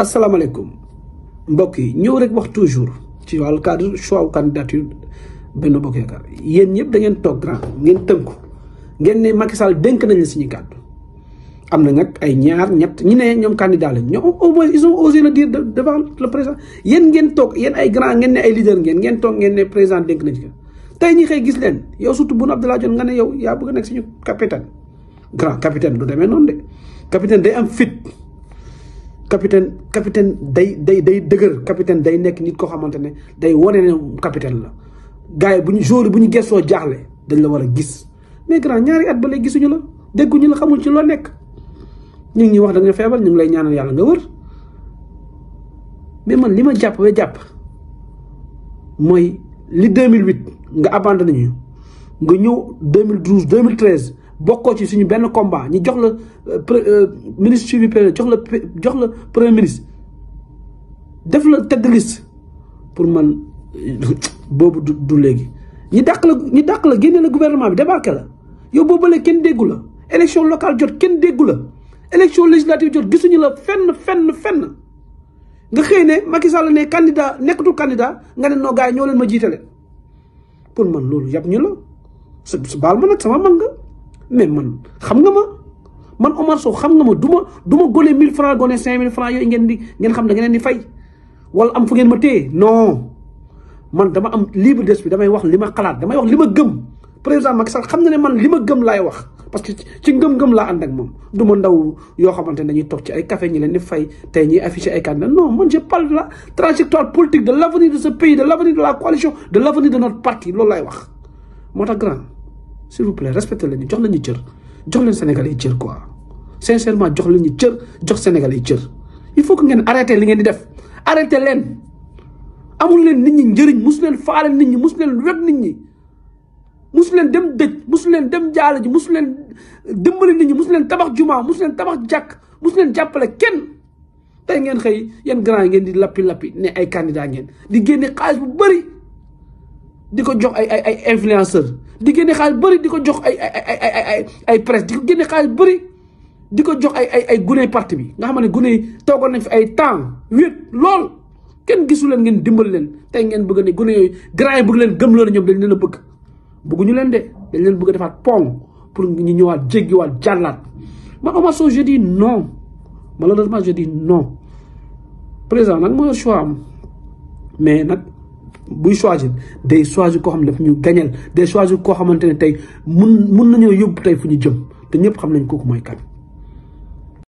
asalaamaaleykum mbokk yi ñëw rek wax toujours ci wàllu cadre choix candidature benn Bokk Yaakaar yéen ñëpp da ngeen toog grand ngeen tënku ngeen ne Macky Sall dénk nañ suñu kàddu am na nag ay ñaar ñett ñu ne ñoom candidat lañ ñoom au moins ils ont osé le dire devant président yéen ngeen toog yéen ay grand ngeen ne ay leader ngeen ngeen toog ngeen ne président dénk nañ ko tey ñi xëy gis leen yow surtout Boun Abdallah Dionne nga ne yow yaa bëgg nekk ñu capitaine grand capitaine du demee noonu de capitaine day am fit. capitaine capitaine day day day dëgër capitaine day nekk nit koo xamante ne day wane ne capitaine la gars yi bu ñu joueur bu ñu gëstoo jaaxle dañ la war a gis mais grand ñaari at ba lay gisuñu la dégguñu la xamul ci loo nekk ñu ngi ñuy wax da nga feebar ñu ngi lay ñaanal yàlla nga wër mais man li ma jàpp ba jàpp mooy li 2008 nga abandonné ñu nga ñëw 2012 2013. bokkoo ci suñu benn combat ñu jox la euh, euh, ministre suivi jox la jox la premier ministre def la tête de pour man euh, boobu du léegi ñi dàq la ñi dàq la génne la gouvernement bi débarqué la yow boo boobale kenn déggu la élection locale jot kenn déggu la élection législative jot gisuñu la fenn fenn fenn nga xëy ne Macky Sall ne candidat nekkatul candidat nga ne noo ñoo leen ma jiitale pour man loolu yàpp ñu la sa baal ma nag sama man nga mais man xam nga ma man Omar Sow xam nga ma du ma du ma gone 1000 francs gone 5000 francs yooyu ngeen di ngeen xam da ngeen di fay wala am fu ngeen ma téye non man dama am libre d'esprit damay wax li ma xalaat damay wax li ma gëm président Macky sax xam na ne man li ma gëm laay wax parce que ci ngëm-ngëm laa ànd ak moom du ndaw yoo xamante ne dañuy toog ci ay café ñi leen fay tey ñuy affiché ay candidat non man je de la trajectoire politique de l' avenir de ce pays de l' avenir de la coalition de l' avenir de notre loolu laay wax moo tax s'il vous plaît respecté leen ñu jox leen ñu cër jox leen Sénégal yi cër quoi sincèrement jox leen ñu cër jox Sénégal yi cër il faut que ngeen arrêté li ngeen di def arrêté leen amul leen nit ñi njëriñ musu leen faale nit ñi mosu leen wet nit ñi mosu leen dem dëj mosu leen dem jaale ji mosu leen dimbali nit ñi mosu leen tabax jumaa mosu leen tabax jàkk mosu leen jàppale kenn tey ngeen xëy yeen grand ngeen di lappi lappi ne ay candidat ngeen di génne xaalis bu bëri di ko jox ay ay ay influenceur di génne xaalis bëri di ko jox ay ay ay ay ay presse di ko génne xaalis bëri di ko jox ay ay ay gune parti bi nga xam ne gune toogoon nañ fi ay temps wéet lool kenn gisu leen ngeen dimbal leen tey ngeen bëgg ne gune yooyu grand yi bëgg leen gëm loolu ñoom dañ leen a bëgg bëgguñu leen de dañ leen bëgg a defaat pont pour ñu ñëwaat jéggiwaat jàllaat man Omar Sow je dis non malheureusement je dis non président nag mooy choix am mais buy choisir day choisir koo xam ne dafa ñu gañeel day choisir koo xamante ne tey mun mun nañoo yóbbu tey fu ñu jëm te ñëpp xam nañ kooku mooy kan.